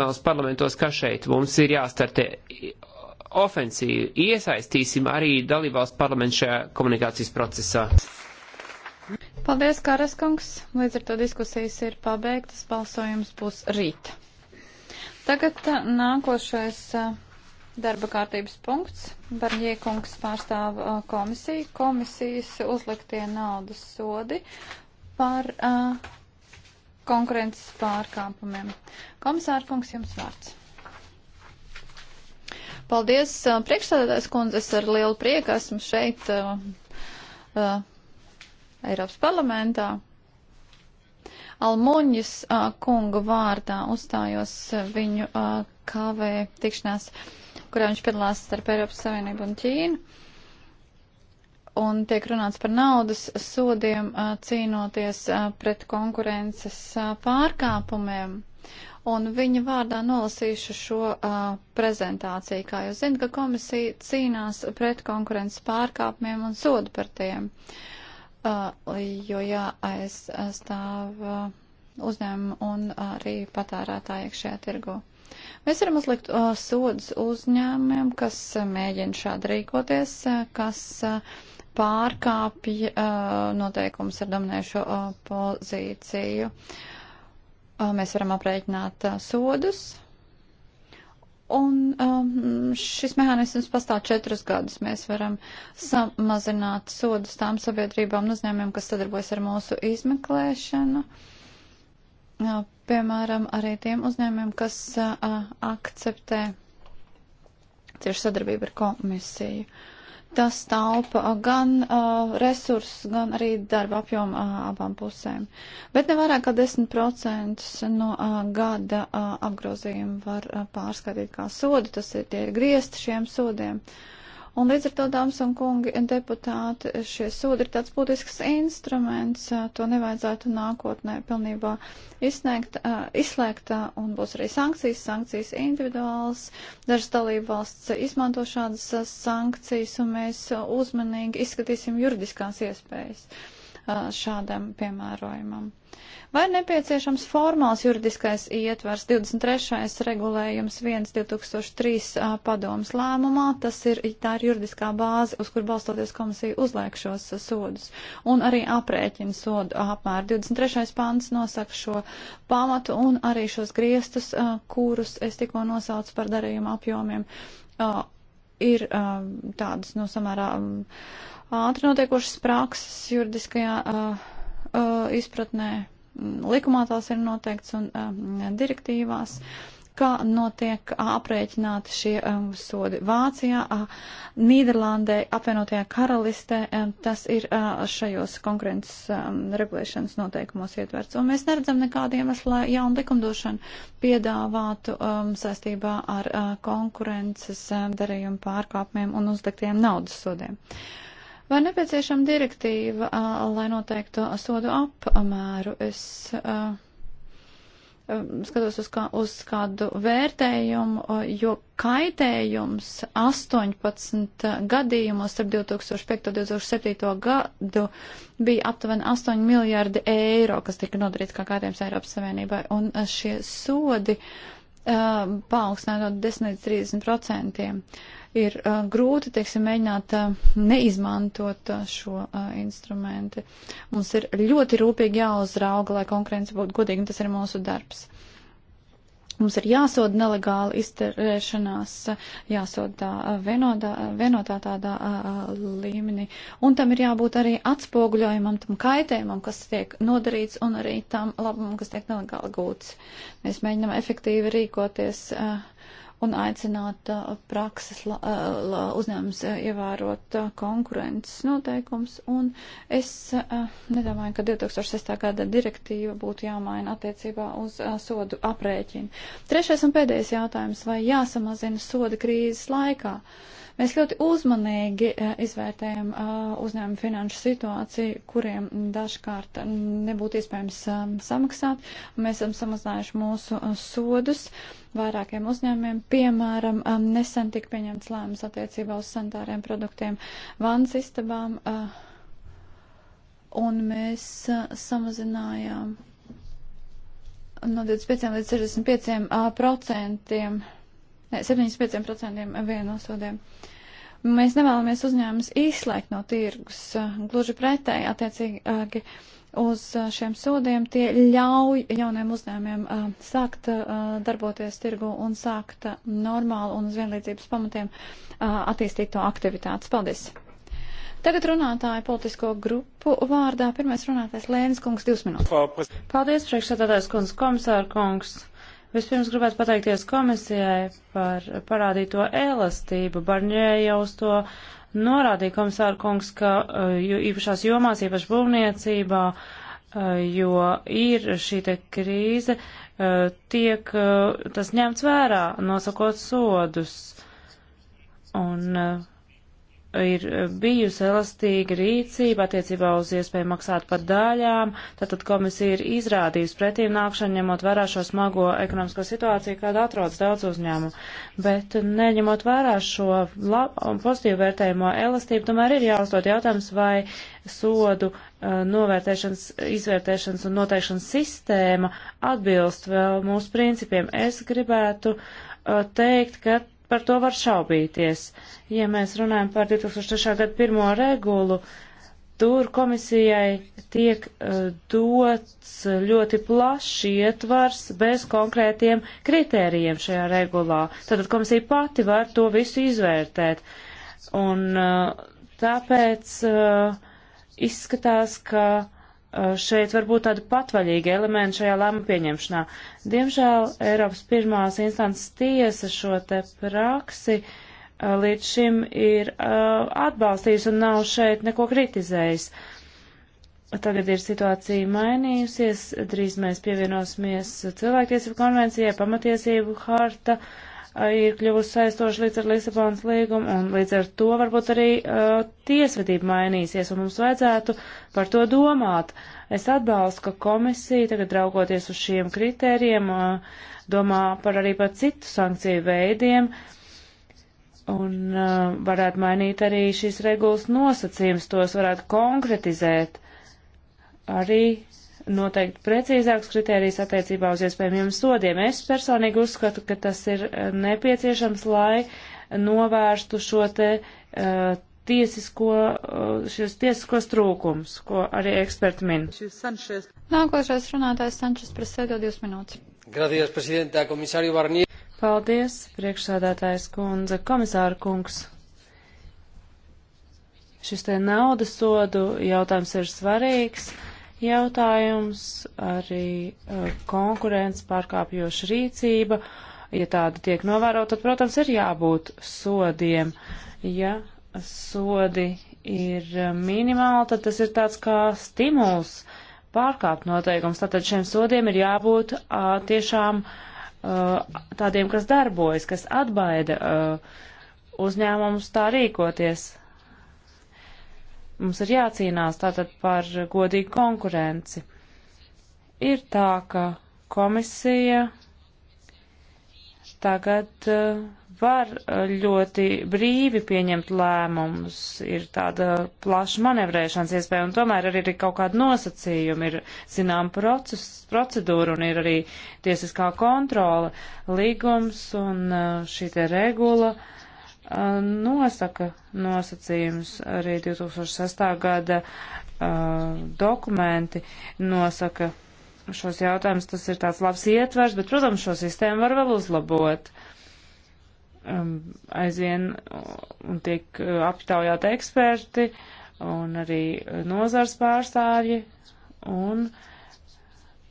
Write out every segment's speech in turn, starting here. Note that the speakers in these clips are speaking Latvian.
nacionālos parlamentos, kā šeit. Mums ir jāstartē ofensīvu. Iesaistīsim arī dalībvalstu parlamentu šajā komunikācijas procesā. Paldies, Kāras kungs. Līdz ar to diskusijas ir pabeigtas. Balsojums būs rīt. Tagad uh, nākošais uh, darba kārtības punkts. Barņie kungs pārstāv uh, komisiju. Komisijas uzliktie naudas sodi par. Uh, konkurences pārkāpumiem. Komisārkungs, jums vārds. Paldies, priekšsēdētājs kundze, es ar lielu prieku esmu šeit uh, uh, Eiropas parlamentā. Almuņas uh, kunga vārdā uzstājos viņu uh, kāvē tikšanās, kurā viņš piedalās starp Eiropas Savienību un Ķīnu un tiek runāts par naudas sodiem cīnoties pret konkurences pārkāpumiem. Un viņa vārdā nolasīšu šo uh, prezentāciju, kā jūs zinat, ka komisija cīnās pret konkurences pārkāpumiem un sodu par tiem, uh, jo jāaizstāv uh, uzņēmumu un arī patērētāju iekšējā tirgu. Mēs varam uzlikt uh, sodus uzņēmumiem, kas mēģina šādi rīkoties, uh, kas uh, pārkāpj uh, noteikums ar dominējušo uh, pozīciju. Uh, mēs varam aprēķināt sodus. Un um, šis mehānisms pastāv četrus gadus. Mēs varam samazināt sodus tām sabiedrībām un uzņēmumiem, kas sadarbojas ar mūsu izmeklēšanu. Piemēram, arī tiem uzņēmumiem, kas akceptē cieši sadarbību ar komisiju. Uh, Tas taupa gan uh, resursus, gan arī darba apjomu uh, abām pusēm. Bet ne vairāk kā 10% no uh, gada uh, apgrozījuma var uh, pārskatīt kā sodu. Tas ir tie griezti šiem sodiem. Uh, Un līdz ar to, dāmas un kungi, deputāti, šie sodi ir tāds būtisks instruments, to nevajadzētu nākotnē pilnībā izsniegt, izslēgt, un būs arī sankcijas, sankcijas individuāls. Dažas dalību valsts izmanto šādas sankcijas, un mēs uzmanīgi izskatīsim juridiskās iespējas. Uh, šādam piemērojumam. Vai nepieciešams formāls juridiskais ietvers 23. regulējums 1 2003 padomas lēmumā, tas ir, tā ir juridiskā bāze, uz kur balstoties komisija uzliek šos sodus, un arī aprēķina sodu apmēru. 23. pants nosaka šo pamatu un arī šos griestus, kurus es tikko nosaucu par darījuma apjomiem ir um, tādas, nu, samērā um, ātri notiekošas prakses juridiskajā uh, uh, izpratnē. Likumā tās ir noteikts un uh, direktīvās. Uh, kā notiek uh, aprēķināti šie um, sodi. Vācijā, uh, Nīderlandē, apvienotajā karalistē um, tas ir uh, šajos konkurences um, regulēšanas noteikumos ietverts. Un mēs neredzam nekādu iemeslu, lai jaunu likumdošanu piedāvātu um, saistībā ar uh, konkurences um, darījumu pārkāpumiem un uzliktiem naudas sodiem. Uh, Vai nepieciešama direktīva, lai noteiktu sodu apmēru? Es uh, skatos uz, kā, uz kādu vērtējumu, jo kaitējums 18 gadījumos starp 2005. un 2007. gadu bija aptuveni 8 miljārdi eiro, kas tika nodarīts kā kaitējums Eiropas Savienībai, un šie sodi uh, paaugstinātot 10 līdz 30 procentiem. Ir uh, grūti, teiksim, mēģināt uh, neizmantot uh, šo uh, instrumenti. Mums ir ļoti rūpīgi jāuzrauga, lai konkurence būtu godīga, un tas ir mūsu darbs. Uh, Mums ir jāsoda nelegāla izturēšanās, jāsoda tā vienotā, vienotā tādā līmenī. Un tam ir jābūt arī atspoguļojumam, tam kaitējumam, kas tiek nodarīts, un arī tam labumam, kas tiek nelegāli gūts. Mēs mēģinam efektīvi rīkoties. Uh, un aicināt uh, prakses uh, uzņēmums uh, ievērot konkurences noteikums. Un es nedomāju, ka 2006. gada direktīva būtu jāmaina attiecībā uz sodu aprēķinu. Trešais un pēdējais jautājums - vai jāsamazina soda krīzes laikā? Mēs ļoti uzmanīgi izvērtējam uzņēmumu finanšu situāciju, kuriem dažkārt nebūtu iespējams um, samaksāt. Mēs esam samazinājuši mūsu sodus. Uh, vairākiem uzņēmiem. Piemēram, um, nesen tika pieņemts lēmums attiecībā uz sanitāriem produktiem vans istabām, uh, un mēs uh, samazinājām no 25 līdz 65 uh, procentiem, ne, 75 procentiem vienosodiem. Mēs nevēlamies uzņēmumus izslēgt no tirgus, gluži pretēji attiecīgi uz uh, šiem sodiem, tie ļauj jauniem uzņēmiem uh, sākt uh, darboties tirgu un sākt uh, normāli un uz vienlīdzības pamatiem uh, attīstīt to aktivitātes. Paldies! Tagad runātāja politisko grupu vārdā. Pirmais runātājs Lēnis kungs, divas minūtes. Paldies, priekšsēdētājs kungs, komisāra kungs. Vispirms gribētu pateikties komisijai par parādīto elastību. Barņē jau uz to norādīja komisāra kungs, ka eh, jo, īpašās jomās, īpaši būvniecībā, eh, jo ir šī te krīze, eh, tiek tas ņemts vērā, nosakot sodus. Un ir bijusi elastīga rīcība attiecībā uz iespēju maksāt par daļām, tātad komisija ir izrādījusi pretīm nākšanu, ņemot vērā šo smago ekonomisko situāciju, kāda atrodas daudz uzņēmumu. Bet neņemot vērā šo pozitīvu vērtējumu elastību, tomēr ir jāuzdod jautājums, vai sodu uh, novērtēšanas, izvērtēšanas un noteikšanas sistēma atbilst vēl mūsu principiem. Es gribētu uh, teikt, ka par to var šaubīties. Ja mēs runājam par 2003. gadu pirmo regulu, tur komisijai tiek uh, dots ļoti plašs ietvars bez konkrētiem kritērijiem šajā regulā. Tātad komisija pati var to visu izvērtēt. Un uh, tāpēc uh, izskatās, ka Eh, šeit var būt tādi patvaļīgi elementi šajā lēma pieņemšanā. Diemžēl Eiropas pirmās instances tiesa šo te praksi eh, līdz šim ir eh, atbalstījis un nav šeit neko kritizējis. Tagad ir situācija mainījusies, drīz mēs pievienosimies cilvēktiesību konvencijai, pamatiesību harta. Uh, ir kļuvusi saistoša līdz ar Lisabonas līgumu, un līdz ar to varbūt arī uh, tiesvedība mainīsies, un mums vajadzētu par to domāt. Es atbalstu, ka komisija tagad raugoties uz šiem kritērijiem uh, domā par arī par citu sankciju veidiem, un uh, varētu mainīt arī šīs regulas nosacījums, tos varētu konkretizēt arī noteikt precīzāks kritērijs attiecībā uz iespējamiem sodiem. Es personīgi uzskatu, ka tas ir eh, nepieciešams, lai novērstu šo te uh, tiesisko, uh, eh, šis tiesiskos trūkums, ko arī eksperti min. Nākošais runātājs Sančes Presēdo divas minūtes. Gracias, prezidentā, komisāri Barnier. Paldies, priekšsādātājs kundze, komisāra kungs. Šis te naudas sodu jautājums ir svarīgs jautājums, arī uh, konkurence pārkāpjoša rīcība. Ja tāda tiek novērota, tad, protams, ir jābūt sodiem. Ja sodi ir uh, minimāli, tad tas ir tāds kā stimuls pārkāpt noteikums. Tātad šiem sodiem ir jābūt a, uh, tiešām a, tādiem, kas darbojas, kas atbaida a, uzņēmumus tā rīkoties. Mums ir jācīnās tātad par godīgu konkurenci. Ir tā, ka komisija tagad eh, var eh, ļoti brīvi pieņemt lēmumus, ir tāda plaša manevrēšanas iespēja, un tomēr arī ir kaut kāda nosacījuma, ir zinām proces, procedūra un ir arī tiesiskā kontrola, līgums un eh, šī te regula. Uh, nosaka nosacījumus arī 2006. gada dokumenti nosaka šos jautājumus. Tas ir tāds labs ietvers, bet, protams, šo sistēmu var vēl uzlabot. Um, aizvien un tiek aptaujāti eksperti un arī nozars pārstāvji. Un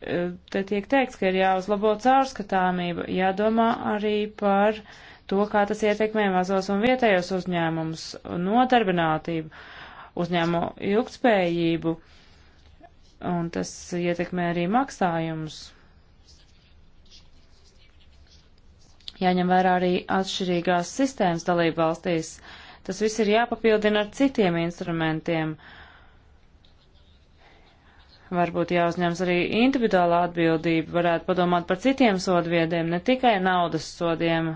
te tiek teikts, ka ir jāuzlabo caurskatāmība, jādomā arī par uh, to, kā tas ietekmē mazos un vietējos uzņēmumus, nodarbinātību, uzņēmumu ilgtspējību, un tas ietekmē arī maksājumus. Jāņem vērā arī atšķirīgās sistēmas dalība valstīs. Tas viss ir jāpapildina ar citiem instrumentiem. Varbūt jāuzņems arī individuāla atbildība, varētu padomāt par citiem sodviediem, ne tikai naudas sodiem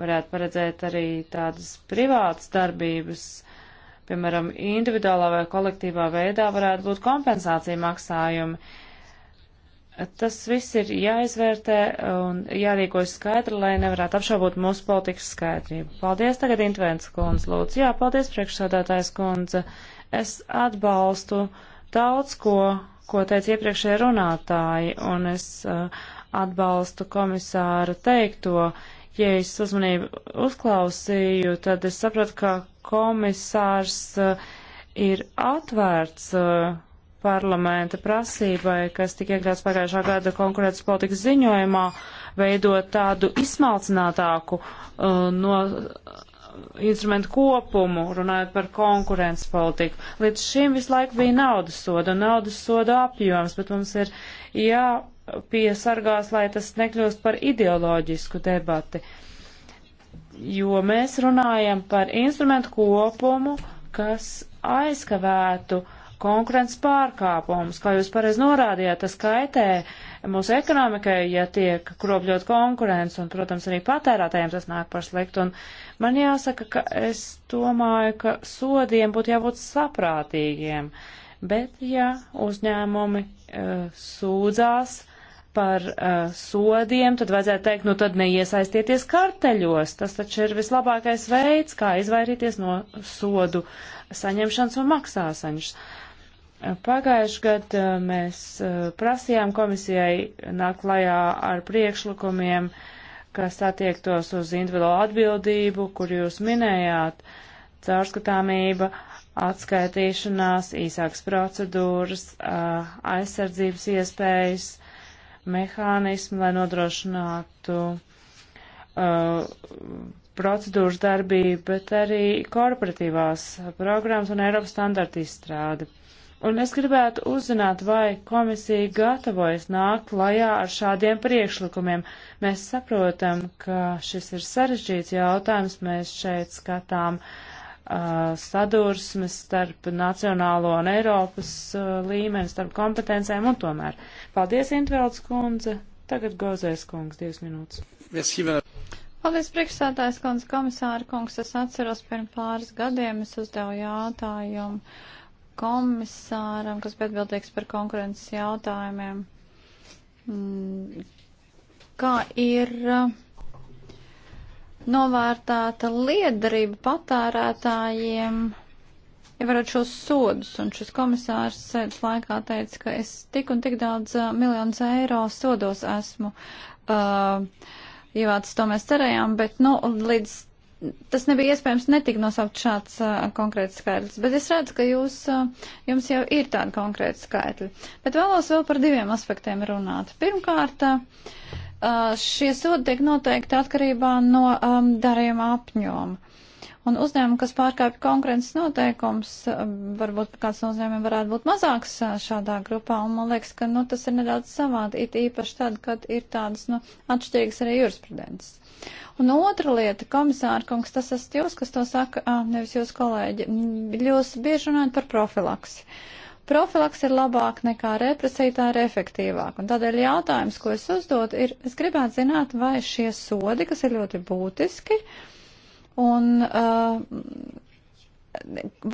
varētu paredzēt arī tādas privātas darbības, piemēram, individuālā vai kolektīvā veidā varētu būt kompensācija maksājumi. Tas viss ir jāizvērtē un jārīkojas skaidri, lai nevarētu apšaubot mūsu politikas skaidrību. Paldies tagad Intvents kundze, lūdzu. Jā, paldies priekšsādātājs kundze. Es atbalstu daudz ko, ko teica iepriekšējie runātāji, un es uh, atbalstu komisāra teikto. Uh, Ja es uzmanību uzklausīju, tad es sapratu, ka komisārs eh, ir atvērts eh, parlamenta prasībai, kas tika iekļauts pagājušā gada konkurētas politikas ziņojumā, veidot tādu izsmalcinātāku uh, no instrumentu kopumu, runājot par konkurences politiku. Līdz šim visu laiku bija naudas soda un naudas soda apjoms, bet mums ir jā piesargās, lai tas nekļūst par ideoloģisku debati. Jo mēs runājam par instrumentu kopumu, kas aizkavētu konkurences pārkāpumus. Kā jūs pareiz norādījāt, tas kaitē mūsu ekonomikai, ja tiek kropļot konkurence, un, protams, arī patērētājiem tas nāk par sliktu. Un man jāsaka, ka es domāju, ka sodiem būtu jābūt saprātīgiem. Bet, ja uzņēmumi uh, sūdzās, par uh, sodiem, tad vajadzētu teikt, nu tad neiesaistieties karteļos. Tas taču ir vislabākais veids, kā izvairīties no sodu saņemšanas un maksāsaņas. Uh, pagājuši gad uh, mēs uh, prasījām komisijai nāk klajā ar priekšlikumiem, kas attiektos uz individuālu atbildību, kur jūs minējāt, caurskatāmība, atskaitīšanās, īsāks procedūras, uh, aizsardzības iespējas, mehānismi, lai nodrošinātu uh, procedūras darbību, bet arī korporatīvās programmas un Eiropas standarta izstrādi. Un es gribētu uzzināt, vai komisija gatavojas nākt klajā ar šādiem priekšlikumiem. Mēs saprotam, ka šis ir sarežģīts jautājums, mēs šeit skatām uh, Uh, sadursmes starp nacionālo un Eiropas uh, līmeni, starp kompetencēm un tomēr. Paldies, Intvelds kundze. Tagad gozēs kungs, divas minūtes. Merci, Paldies, priekšsētājs kundze, komisāra kungs. Es atceros, pirms pāris gadiem es uzdevu jautājumu komisāram, kas bija atbildīgs par konkurences jautājumiem. Mm, kā ir uh, novērtēta liederība patērētājiem, ja varētu šos sodus, un šis komisārs sēdes laikā teica, ka es tik un tik daudz uh, miljonus eiro sodos esmu uh, ievācis, to mēs cerējām, bet, nu, līdz tas nebija iespējams netika nosaukt šāds uh, konkrēts skaitlis, bet es redzu, ka jūs, uh, jums jau ir tādi konkrēti skaitļi. Bet vēlos vēl par diviem aspektiem runāt. Pirmkārt, uh, Uh, šie sodi tiek noteikti atkarībā no um, darījuma apņoma. Un uzņēmumi, kas pārkāpj konkurences noteikums, um, varbūt kāds no uzņēmumiem varētu būt mazāks uh, šādā grupā, un man liekas, ka nu, tas ir nedaudz savādi, it īpaši tad, kad ir tādas nu, atšķirīgas arī jurisprudences. Un otra lieta, komisāra kungs, tas esat jūs, kas to saka, ah, nevis jūs kolēģi, jūs bieži runājat par profilaksi. Uh, profilaks ir labāk nekā represija, tā ir efektīvāk. Un tādēļ jautājums, ko es uzdodu, ir, es gribētu zināt, vai šie sodi, kas ir ļoti būtiski, un uh,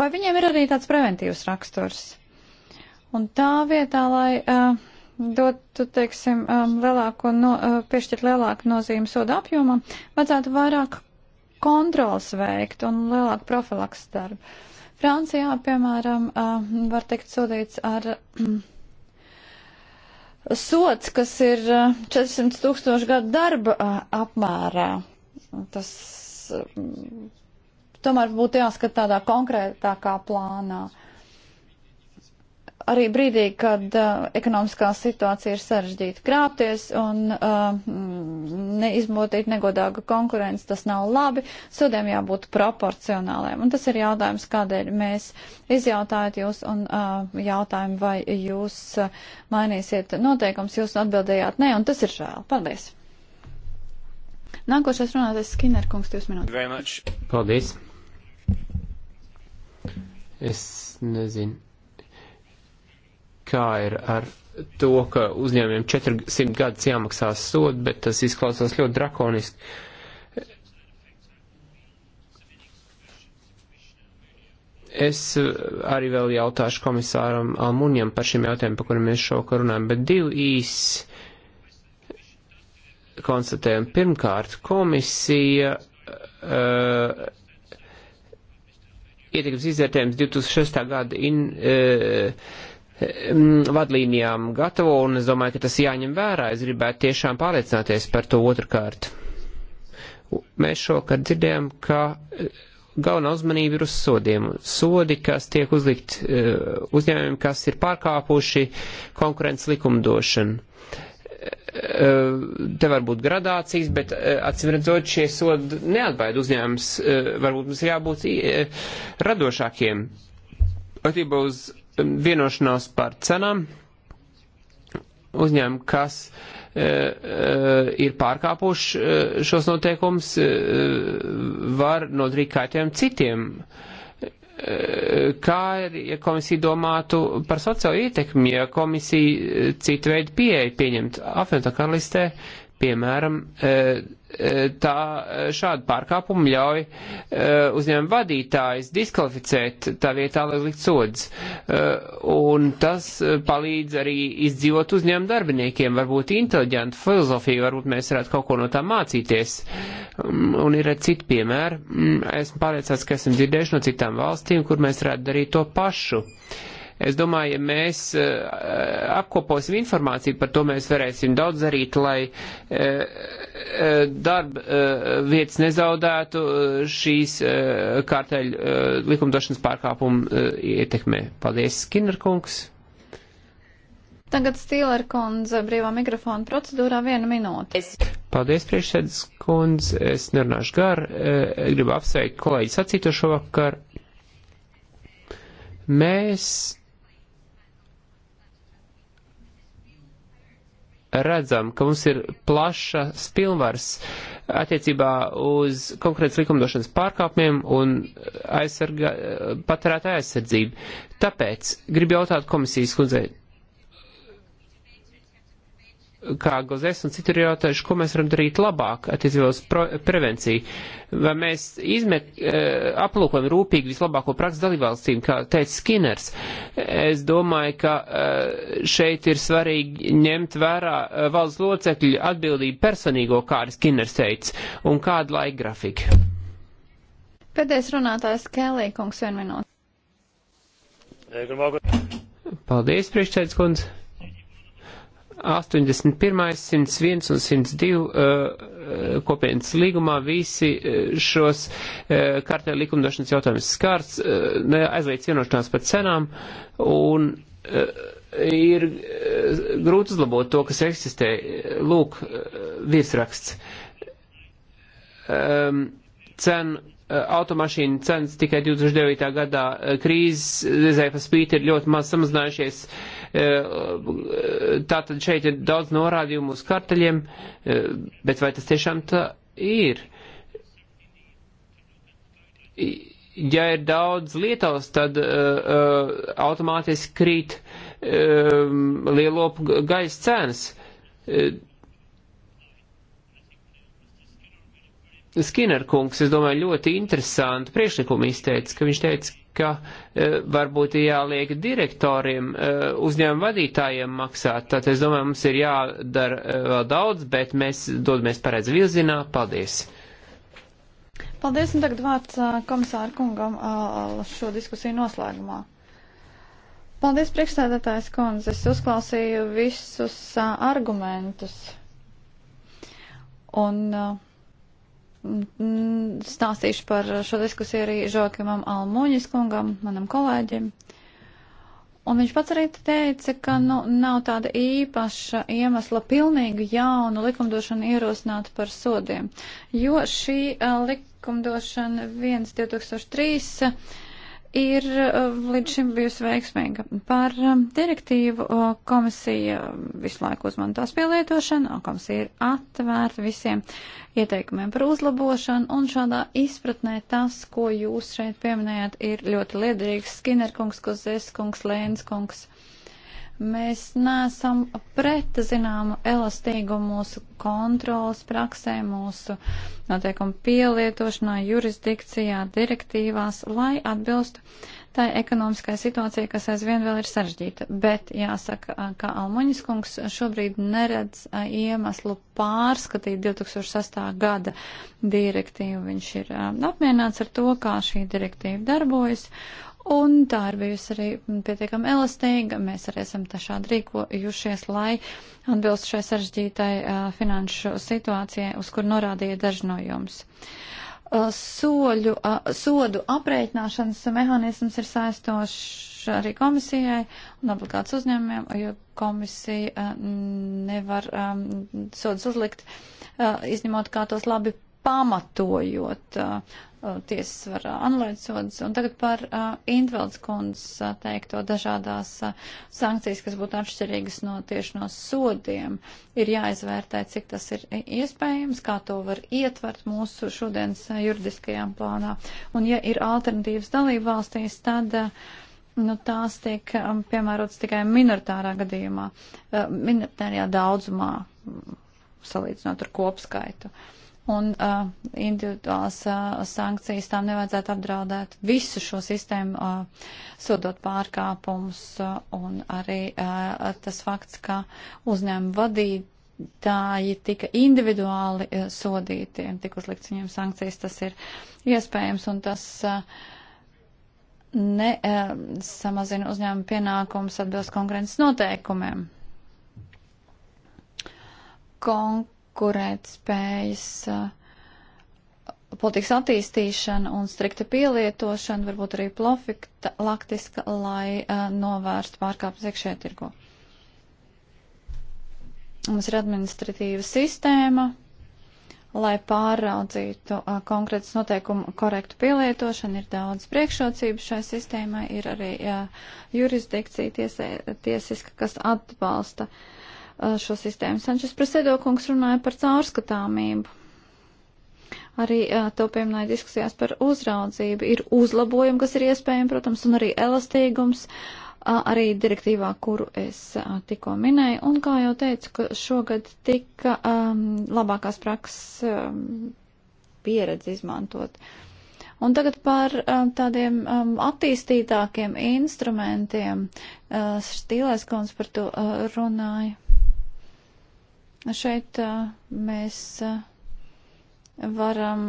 vai viņiem ir arī tāds preventīvs raksturs. Un tā vietā, lai uh, dotu, teiksim, um, lielāko, no, uh, piešķirt lielāku nozīmi soda apjomam, vajadzētu vairāk kontrols veikt un lielāku profilaks darbu. Uh, Francijā, piemēram, var tikt sodīts ar sots, kas ir 400 tūkstoši gadu darba apmērā. Tas tomēr būtu jāskat tādā konkrētākā plānā. Arī brīdī, kad uh, ekonomiskā situācija ir sarežģīta krāpties un uh, neizmotīt negodāgu konkurenci, tas nav labi, sodiem jābūt proporcionāliem. Un tas ir jautājums, kādēļ mēs izjautājat jūs un uh, jautājumu, vai jūs uh, mainīsiet noteikums, jūs atbildējāt nē, un tas ir žēl. Paldies! Nākošais runātais Skinner kungs, 2 minūtes. Paldies! Es nezinu, kā ir ar to, ka uzņēmiem 400 gadus jāmaksās sodu, bet tas izklausās ļoti drakoniski. Es arī vēl jautāšu komisāram Almunjam par šiem jautājumiem, par kuriem mēs šokar runājam, bet divi īsi konstatējumi. Pirmkārt, komisija uh, ietekmes izvērtējums 2006. gada in, uh, vadlīnijām gatavo, un es domāju, ka tas jāņem vērā. Es gribētu tiešām pārliecināties par to otrkārt. Mēs šokar dzirdējām, ka e, galvenā uzmanība ir uz sodiem. Sodi, kas tiek uzlikt e, uzņēmumiem, kas ir pārkāpuši konkurences likumdošanu. E, te var būt gradācijas, bet acīm redzot, šie sodi neatbaida uzņēmums. Varbūt mums jābūt radošākiem. Atībā uz vienošanās par cenām uzņēmumu, kas e, e, ir pārkāpuši e, šos noteikumus, e, var nodarīt kaitējumu citiem. E, kā ir, ja komisija domātu par sociālo ietekmi, ja komisija citu veidu pieeja pieņemt? Apvienotā karalistē Piemēram, e, e, tā, e, šādu pārkāpumu ļauj uzņēmumu vadītājs diskvalificēt tā vietā, lai likt sods. Un tas palīdz arī izdzīvot uzņēmumu darbiniekiem, varbūt inteliģentu filozofiju, varbūt mēs varētu kaut ko no tā mācīties. Un ir arī citi piemēri. Mm, esmu pārliecināts, ka esam dzirdējuši no citām valstīm, kur mēs varētu darīt to pašu. Uh, Es domāju, ja mēs eh, apkoposim informāciju, par to mēs varēsim daudz darīt, lai eh, eh, darba vietas nezaudētu šīs kārtēļu likumdošanas pārkāpumu ietekmē. Paldies, Skinnerkungs! Tagad Stīlera kundze brīvā mikrofona procedūrā vienu minūti. Paldies, priekšsēdus kundze, es nerunāšu gar, gribu apsveikt kolēģi sacīto šovakar. Mēs redzam, ka mums ir plašas pilnvars attiecībā uz konkrētas likumdošanas pārkāpumiem un aizsarga, patērētāja aizsardzību. Tāpēc gribu jautāt komisijas kundzei, kā Gozes un citur ir jautājuši, ko mēs varam darīt labāk attiecībā uz prevenciju. Vai mēs izmet, e, aplūkojam rūpīgi vislabāko praksu dalībvalstīm, kā teica Skinners. Es domāju, ka e, šeit ir svarīgi ņemt vērā e, valsts locekļu atbildību personīgo, kā arī Skinners teica, un kādu laika grafiku. Pēdējais runātājs Kēlī, kungs, vien minūte. Paldies, priekšsēdz kundze. 81, 101 un 102 uh, uh, kopienas līgumā visi uh, šos uh, kartē likumdošanas jautājumus skārts, uh, aizliedz vienošanās par cenām un uh, ir grūti uzlabot to, kas eksistē. Lūk, virsraksts. Um, cenu Eh, automašīnu cenas tikai 2009. gadā eh, krīzes eh, reizē pa spīti ir ļoti maz samazinājušies. Tātad šeit ir daudz norādījumu uz karteļiem, bet vai tas tiešām tā ir? Ja ir daudz lietaus, tad uh, automātiski krīt uh, lielopu gaisa cenas. Uh, Skinner kungs, es domāju, ļoti interesantu priekšlikumu izteica, ka viņš teica, ka e, varbūt jāliek direktoriem, e, uzņēmuma vadītājiem maksāt. Tātad es domāju, mums ir jādara e, vēl daudz, bet mēs dodamies pareizi virzienā. Paldies! Paldies, un tagad vārds e, komisāra kungam e, šo diskusiju noslēgumā. Paldies, priekšstādātājs kundze. Es uzklausīju visus e, argumentus. Un uh, Mm, stāstīšu par šo diskusiju arī Žokimam Almuņas kungam, manam kolēģim. Un viņš pats arī teica, ka nu, nav tāda īpaša iemesla pilnīgi jaunu likumdošanu ierosināt par sodiem, jo šī eh, likumdošana 1.2003 ir uh, līdz šim bijusi veiksmīga. Par um, direktīvu uh, komisija um, visu laiku uzman tās pielietošanu, komisija ir atvērta visiem ieteikumiem par uzlabošanu, un šādā izpratnē tas, ko jūs šeit pieminējāt, ir ļoti liederīgs Skinner kungs, Kozes kungs, Lēns kungs. kungs Mēs neesam pret zināmu elastīgumu mūsu kontrolas praksē, mūsu noteikumu pielietošanā, jurisdikcijā, direktīvās, lai atbilstu tai ekonomiskai situācijai, kas aizvien vēl ir sarežģīta. Bet jāsaka, ka Almaņas kungs šobrīd neredz iemeslu pārskatīt 2006. gada direktīvu. Viņš ir apmierināts ar to, kā šī direktīva darbojas. Un tā ir bijusi arī pietiekami elastīga. Mēs arī esam tā šādi rīkojušies, lai atbilst šai sarežģītai uh, finanšu situācijai, uz kur norādīja daži no jums. Uh, Uh, soļu, uh, sodu aprēķināšanas mehānisms ir saistošs arī komisijai un obligāts uzņēmumiem, jo komisija uh, nevar um, sodus uzlikt, uh, izņemot, kā tos labi pamatojot uh, uh tiesas varā uh, anulēt sodus. Un tagad par uh, Indvelds kundzes uh, teikto dažādās uh, sankcijas, kas būtu atšķirīgas no tieši no sodiem, ir jāizvērtē, cik tas ir iespējams, kā to var ietvert mūsu šodienas uh, juridiskajā plānā. Un ja ir alternatīvas dalība valstīs, tad. Uh, Nu, tās tiek um, piemērotas tikai minoritārā gadījumā, uh, minoritārajā daudzumā, mm, salīdzinot ar kopskaitu. Uh, un uh, individuāls uh, sankcijas tām nevajadzētu apdraudēt visu šo sistēmu, uh, sodot pārkāpumus, uh, un arī uh, tas fakts, ka uzņēmuma vadītāji tika individuāli uh, sodīti, tika uzlikts viņiem sankcijas, tas ir iespējams, un tas. Uh, Ne, uh, samazina uzņēmuma pienākums atbilst konkurences noteikumiem. Konk konkurēt spējas uh, politikas attīstīšana un strikta pielietošana, varbūt arī profilaktiska, lai uh, novērstu pārkāpumus iekšē tirgo. Mums ir administratīva sistēma, lai pāraudzītu uh, konkrētas noteikumu korektu pielietošanu. Ir daudz priekšrocību šai sistēmai, ir arī uh, jurisdikcija tiesē, tiesiska, kas atbalsta uh, Uh, šo sistēmu. Sančes Presedokungs runāja par caurskatāmību. Arī uh, to pieminēja diskusijās par uzraudzību. Ir uzlabojumi, kas ir iespējami, protams, un arī elastīgums, uh, arī direktīvā, kuru es tikko minēju. Un kā jau teicu, ka šogad tika um, labākās prakses um, pieredze izmantot. Un tagad par um, tādiem um, attīstītākiem instrumentiem. Uh, Stīlēs kundze par to uh, runāja. Šeit mēs varam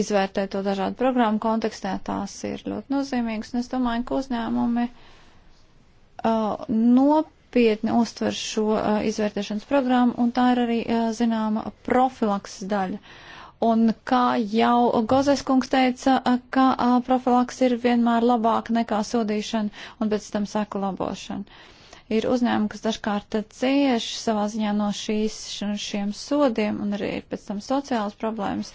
izvērtēt to dažādu programmu kontekstā, tās ir ļoti nozīmīgas, un es domāju, ka uzņēmumi nopietni uztver šo izvērtēšanas programmu, un tā ir arī zināma profilakses daļa. Un kā jau Gozes kungs teica, ka profilaks ir vienmēr labāk nekā sodīšana un pēc tam saka labošana ir uzņēmumi, kas dažkārt cieši savā ziņā no šīs, šiem sodiem un arī ir pēc tam sociālas problēmas,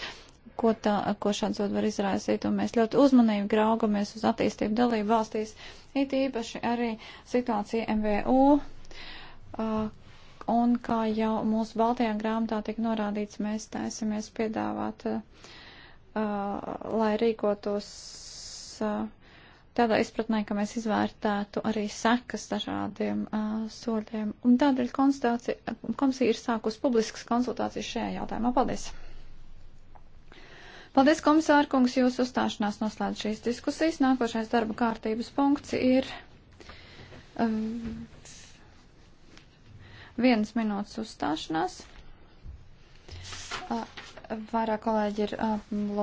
ko, tā, ko šāds sod var izraisīt. Un mēs ļoti uzmanīgi raugamies uz attīstību dalību valstīs, it īpaši arī situācija MVU. Uh, un kā jau mūsu Baltajā grāmatā tiek norādīts, mēs taisamies piedāvāt, uh, lai rīkotos. Uh, tādā izpratnē, ka mēs izvērtētu arī sekas dažādiem uh, soļiem. Un tādēļ komisija ir sākus publiskas konsultācijas šajā jautājumā. Paldies! Paldies, komisāra kungs, jūsu uzstāšanās noslēdz šīs diskusijas. Nākošais darba kārtības punkts ir um, vienas minūtes uzstāšanās. Uh, vairāk kolēģi ir. Uh,